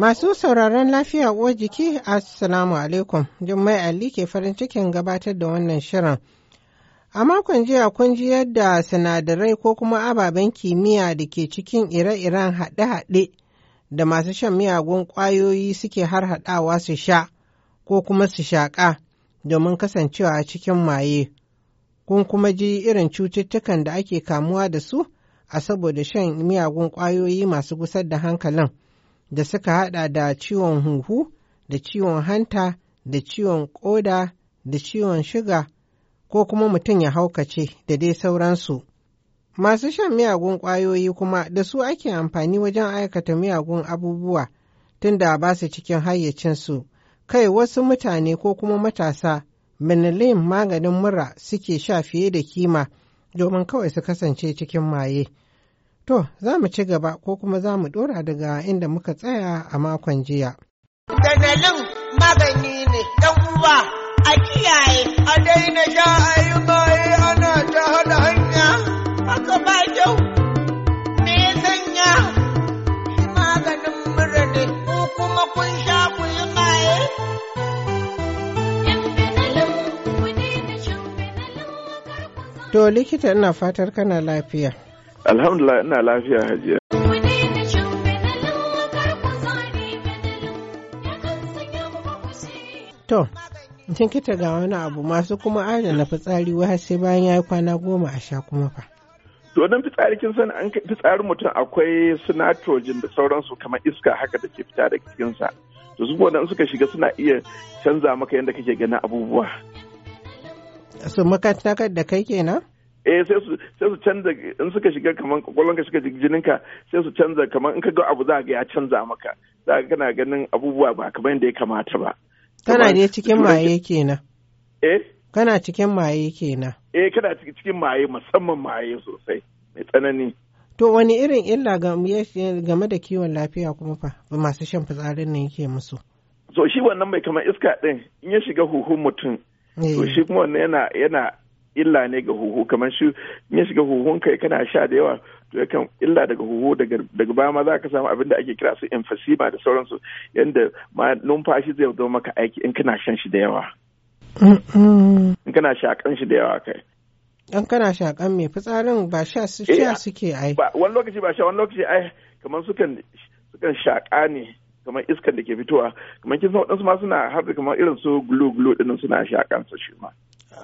Masu sauraron lafiya uwar jiki, Assalamu alaikum, Jummai Ali ke farin cikin gabatar da wannan shirin. A makon jiya kun ji yadda sinadarai ko kuma ababen kimiyya da ke cikin ire-iren haɗe-haɗe da masu shan miyagun ƙwayoyi suke har haɗawa su sha ko kuma su shaƙa domin kasancewa a cikin maye. Kun kuma ji irin cututtukan da ake kamuwa da su a saboda shan miyagun ƙwayoyi masu gusar da hankalin. da suka haɗa da ciwon huhu da ciwon hanta da ciwon ƙoda, da ciwon shiga ko kuma mutum ya haukace da dai sauransu. Masu shan miyagun ƙwayoyi kuma da su ake amfani wajen aikata miyagun abubuwa tunda ba su cikin hayyacinsu, kai wasu mutane ko kuma matasa benelin maganin mura suke sha fiye da kima domin kawai su kasance cikin maye. To, za mu ci gaba ko kuma za mu ɗora daga inda muka tsaya a makon jiya. Ganalin magani ne, ɗan uwa, a kiyaye, a daina sha a yi ana ta hada hanya, haka ba kyau. Me ya sanya maganin mura ne, ko kuma kun sha ku yi maye? To likita ina fatar kana lafiya. Alhamdulillah ina lafiya hajiya. To, jinkita ga wani abu masu kuma adana fitsari wa sai bayan ya yi kwana goma a sha kuma fa. To don fitsari kin san an fitsarin mutum akwai su nitrogen da sauransu kamar iska haka da ke fita daga cikinsa. To su kuma suka shiga suna iya canza maka yadda kake ganin abubuwa. Su makantakar da kai kenan? eh sai su sai su canza in suka shiga kamar kwakwalwar ka shiga jininka sai su canza kamar in ka ga abu za ga ya canza maka za ka kana ganin abubuwa ba kamar yadda ya kamata ba kana ne cikin maye kenan eh kana cikin maye kenan eh kana cikin maye musamman maye sosai mai tsanani to wani irin illa game da kiwon lafiya kuma fa masu shan fitsarin nan yake musu so shi wannan mai kamar iska din in ya shiga huhun mutum to eh. shi kuma wannan yana yana illa ne ga huhu kamar shi ya shiga huhun kai kana sha da yawa to yakan illa daga huhu daga baya ma za ka samu abin da ake kira su emphysema da sauransu yadda ma numfashi zai zo maka aiki in kana shan shi da yawa in kana shakan shi da yawa kai an kana shakan mai fitsarin ba sha su sha eh, suke ai wani lokaci ba sha wani lokaci ai kamar sukan sukan shaka ne kamar iskar da ke fitowa kamar kin san wadansu ma suna har kamar irin su glu glu din suna shakan su shi ma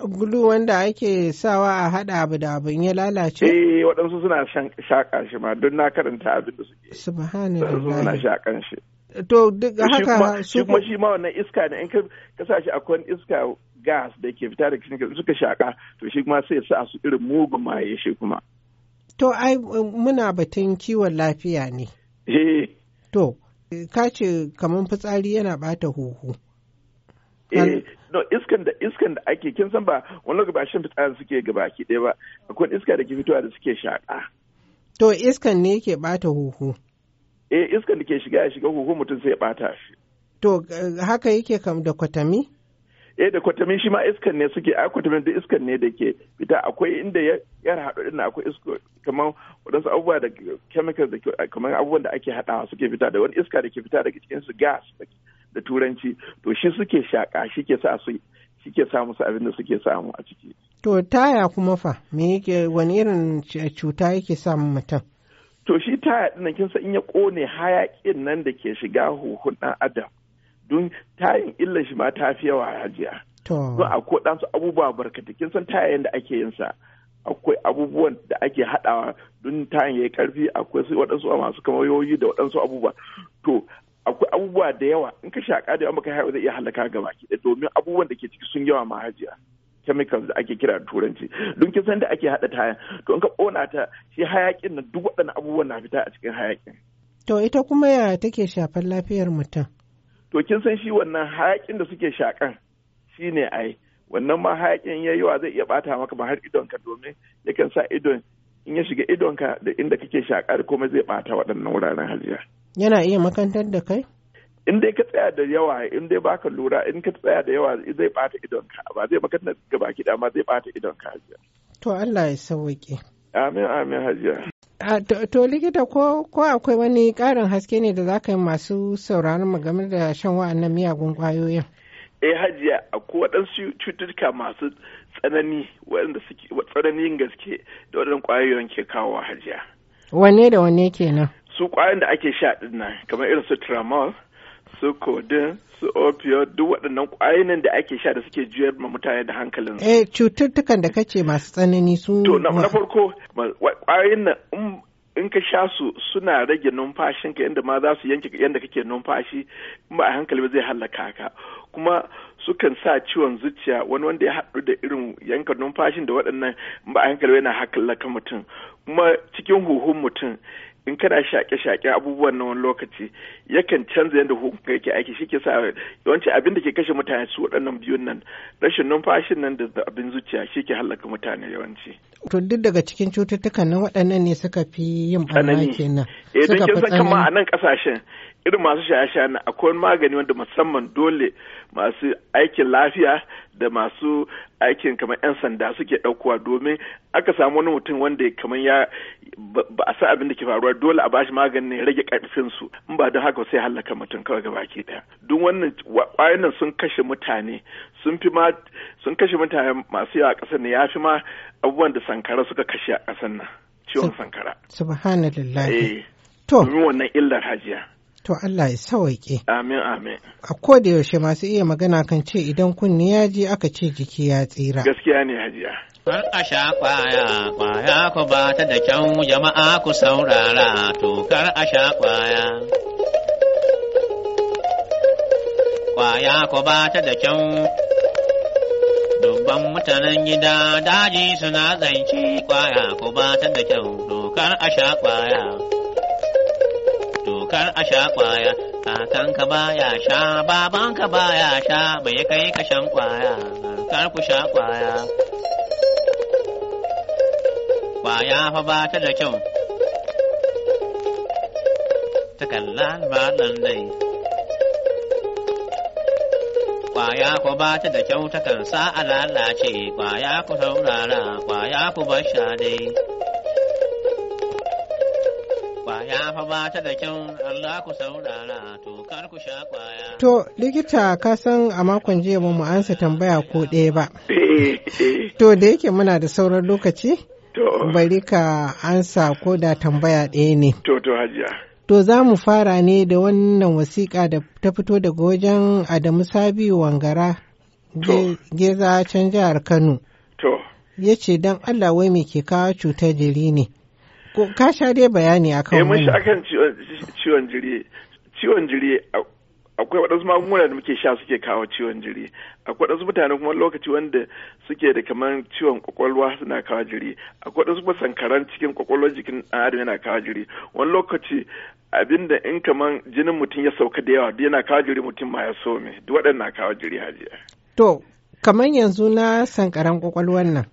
gudu wanda ake sawa a haɗa abu da abin ya lalace? Eh waɗansu suna shaƙa shi ma don na karanta abin da suke. da Waɗansu suna shaƙan shi. To duk haka shi kuma shi ma wannan iska ne in ka sa shi akwai iska gas da ke fita da kishin suka shaƙa to shi kuma sai sa su irin mugun maye shi kuma. To ai muna batun kiwon lafiya ne. Eh. To ka ce kamar fitsari yana bata huhu. Eh no iskan da iskan da ake kin san ba wani lokaci ba shin fitsari suke gaba ki ɗaya ba akwai iska da ke fitowa da suke shaƙa. To iskan ne yake bata huhu. Eh iskan da ke shiga ya shiga huhu mutum sai ya bata shi. To haka yake kam da kwatami? eh da kwatami shi ma iskan ne suke a kwatamin da iskan ne da ke fita akwai inda ya haɗu din akwai isko kamar wadansu abubuwa da chemicals da kamar abubuwan da ake haɗawa suke fita da wani iska da ke fita daga cikin su gas da turanci to shi suke shaƙa shi ke sa su shi ke sa musu abin da suke samu a ciki. To taya kuma fa me yake wani irin cuta yake samu mutum? To shi taya ɗin kin san in ya ƙone hayaƙin nan da ke shiga huhun ɗan adam don tayin illar shi ma ta fi yawa hajiya. To. Don akwai ɗansu abubuwa barkata kin san tayayen da ake yin sa. akwai abubuwan da ake haɗawa don tayan ya karfi akwai su waɗansu masu kamayoyi da waɗansu abubuwa to akwai abubuwa da yawa in ka shaƙa da yawa ka haihuwa zai iya halaka gaba ki domin abubuwan da ke ciki sun yawa mahajiya chemicals da ake kira turanci don kin san da ake haɗa taya to in ka ƙona ta shi hayakin na duk waɗannan abubuwan na fita a cikin hayaƙin. to ita kuma ya take shafar lafiyar mutum. to kin san shi wannan hayakin da suke shaƙan shine ai wannan ma hayaƙin yayi yawa zai iya ɓata maka ba har idon ka domin yakan sa idon in ya shiga idonka da inda kake shakar komai zai bata waɗannan wuraren hajiya yana iya makantar da kai in dai ka tsaya da yawa in dai baka lura in ka tsaya da yawa zai bata idonka ba zai makantar ga baki dama zai bata idonka hajiya to Allah ya sauke amin amin hajiya to, likita ko, ko akwai wani ƙarin haske ne da za ka yi masu sauraron mu game da shan wa'annan miyagun ƙwayoyin? Eh hajiya akwai waɗansu cututtuka masu tsanani waɗanda suke tsananin gaske da waɗannan ƙwayoyin ke kawo hajiya. Wanne da wanne kenan? Su ƙwayoyin da ake sha ɗin nan kamar irin su tramol, su codeine, su opioid duk waɗannan ƙwayoyin da ake sha da suke juyar ma mutane da hankalin. Eh cututtukan da kace masu tsanani su. To na farko ƙwayoyin nan in ka sha su suna rage numfashinka yadda ma za su yanke yadda kake numfashi ba a hankali ba zai hallaka ka kuma sukan sa ciwon zuciya wani wanda ya haɗu da irin yanka numfashin da waɗannan ba a hankali yana haƙallaka mutum kuma cikin huhun mutum in kana shaƙe-shaƙe abubuwan na wani lokaci yakan canza yadda ka yake aiki shi ke sa yawanci abin da ke kashe mutane su waɗannan biyun nan rashin numfashin nan da abin zuciya shi ke hallaka mutane yawanci. to duk daga cikin cututtukan nan waɗannan ne suka fi yin barna kenan. eh don kin a nan ƙasashen irin masu shaye-shaye na akwai magani wanda musamman dole masu aikin lafiya da masu aikin kamar 'yan sanda suke ɗaukowa domin aka samu wani mutum wanda kamar ya ba a sa abin da ke faruwa dole a bashi maganin rage karfin su in ba don haka sai halaka mutum kawai gaba baki daya duk wannan kwayoyin sun kashe mutane sun fi ma sun kashe mutane masu yawa a ƙasar ne ya fi ma abubuwan da sankara suka kashe a ƙasar nan ciwon sankara subhanallah eh, to domin wannan illar hajiya To Allah ya sawaƙe. Amin amin. A ko da yaushe masu iya magana kan ce idan kunni ya ji aka ce jiki ya tsira. Gaskiya ne hajiya. Kar a sha kwaya, kwaya ku ba ta da kyau jama'a ku saurara, to kar a sha kwaya. Kwaya ku ba ta da kyau Dubban mutanen gida daji suna zance kwaya ku ba ta da kyau dokar a sha kwaya. kar a sha kwaya kakanka baya sha babanka baya sha bai kai ka shan kwaya kar ku sha kwaya kwaya fa ba ta da kyau ta takalla malam dai kwaya ku ba ta da kyau takan sa a lalace kwaya ku saurara kwaya ku bar sha dai fa to likita ka san a makon jiya ba mu ansa tambaya ko ɗaya ba. To da yake muna da sauran lokaci? Bari ka ansa ko da tambaya ɗaya ne. To to hajiya. To za mu fara ne da wannan wasiƙa da ta fito daga wajen Adamu Sabiu Wangara Geza can jihar Kano. To. Ya ce don Allah wai me ke kawo cutar jiri ne. ko ka sha dai bayani a kan Eh mun sha akan ciwon jiri. Ciwon jiri akwai waɗansu magunguna da muke sha suke kawo ciwon jiri akwai waɗansu mutane kuma lokaci wanda suke da kamar ciwon kwakwalwa suna kawo jiri akwai waɗansu kuma sankaran cikin kwakwalwar jikin ɗan adam yana kawo jiri wani lokaci abinda in kamar jinin mutum ya sauka da yawa yana kawo jiri mutum ma ya so me duk waɗannan kawo jiri hajiya. to kamar yanzu na sankaran kwakwalwar nan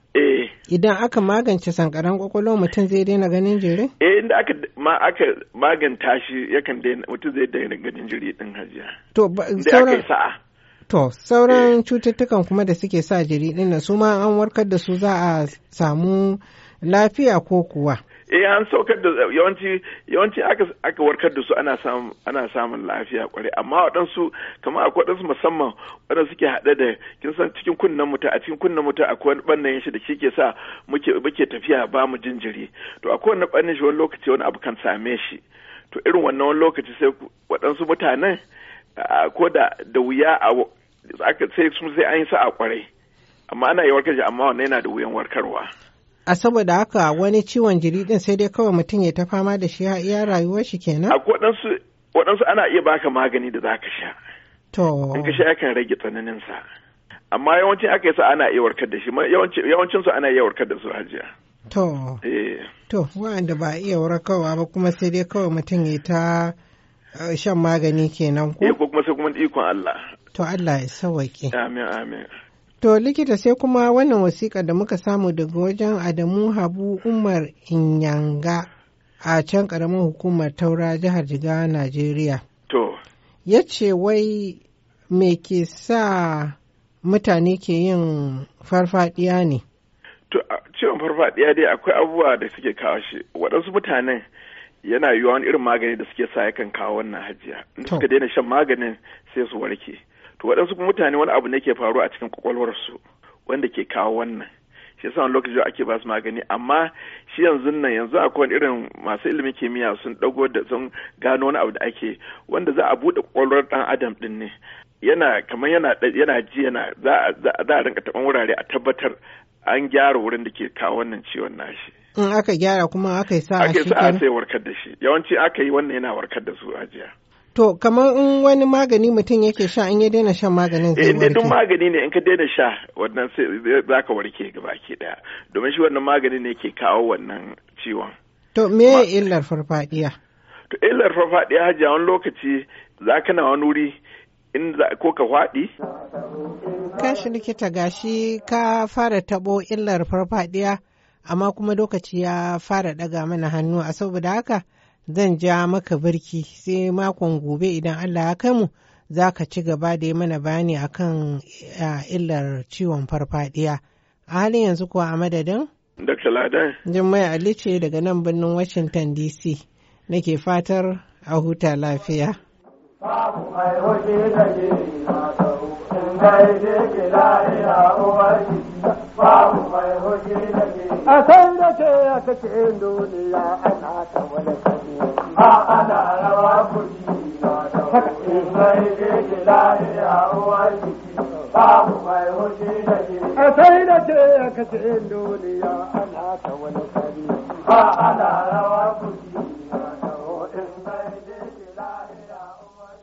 Idan aka magance sankaran kwakwalwa mutum zai daina ganin jiri? Eh inda aka ma aka maganta shi yakan daina mutum zai daina ganin jiri din hajiya. To sauran sa'a. To sauran eh. cututtukan kuma da suke sa jiri din nan su ma an warkar da su za a samu lafiya ko kuwa? eh an saukar da yawanci yawanci aka aka warkar da su ana samun ana samun lafiya kwarai amma waɗansu kamar akwai waɗansu musamman waɗanda suke haɗe da kin san cikin kunnen mutum a cikin kunnen mutum akwai wani ɓannan shi da shi ke sa muke muke tafiya ba mu jinjiri to akwai wani ɓannan shi wani lokaci wani abu kan same shi to irin wannan wani lokaci sai waɗansu mutanen ko da da wuya a sai sun sai an yi sa'a kwarai amma ana yi warkar amma wannan yana da wuyan warkarwa A saboda haka wani ciwon jiri din sai dai kawai mutum ya ta fama da shi a iya rayuwar shi kenan? A waɗansu waɗansu ana iya baka magani da zaka sha. To. In ka sha yakan rage tsananin sa. Amma yawancin aka yi ana iya warkar da shi yawancin su ana iya warkar da su hajiya. To. Eh. To wa'anda ba iya warkarwa ba kuma sai dai kawai mutum ya ta eh, shan magani kenan ko? Eh ko kuma sai kuma ikon Allah. To Allah ya sawwake. Amin amin. To likita sai kuma wannan wasiƙa da muka samu daga wajen Adamu Habu Umar Inyanga a can ƙaramin hukumar taura jihar jiga Najeriya. To. Ya ce wai me ke sa mutane ke yin farfadiya ne? To, ciwon farfadiya dai akwai abubuwa da suke kawo shi. Waɗansu mutanen yana yiwuwa wani irin magani da suke sa yakan kawo wannan hajiya. Suka daina shan maganin sai su warke. to waɗansu mutane wani abu ne ke faruwa a cikin kwakwalwarsu wanda ke kawo wannan shi yasa wani lokaci ake ba su magani amma shi yanzu nan yanzu akwai irin masu ilimin kimiyya sun dago da sun gano wani abu da ake wanda za a buɗe kwakwalwar ɗan adam ɗin ne yana kamar yana yana ji yana za a rinka taɓan wurare a tabbatar an gyara wurin da ke kawo wannan ciwon nashi. In aka gyara kuma aka yi sa'a shi kenan. Aka sa'a sai warkar da shi. Yawanci aka yi wannan yana warkar da su a jiya. To kamar in wani magani mutum yake sha in ya daina shan maganin zai eh, warke. duk magani ne in ka daina sha wannan za ka warke gaba ke daya domin shi wannan magani ne ke kawo wannan ciwon. To me illar farfadiya? To illar farfadiya hajiya wani lokaci za ka na wani wuri in ko ka faɗi. Kashi likita gashi ka fara tabo illar farfadiya amma kuma lokaci ya fara ɗaga mana hannu a saboda haka. zan ja maka birki sai makon gobe idan Allah ya kai mu za ka ci gaba da yi mana bayani kan illar ciwon farfadiya. A halin yanzu kuwa a madadin? Dr. Ladan. Jummai Ali ce daga nan birnin Washington DC. Nake fatar a huta lafiya. Babu mai waje da ke na in ke lafiya shi? a san da ke a kake duniya ana ta wani kare Ba ana rawa kuɗi na da ke jiki da ke a sai da ke a kake duniya ana ta wani kare Ba ana rawa kuɗi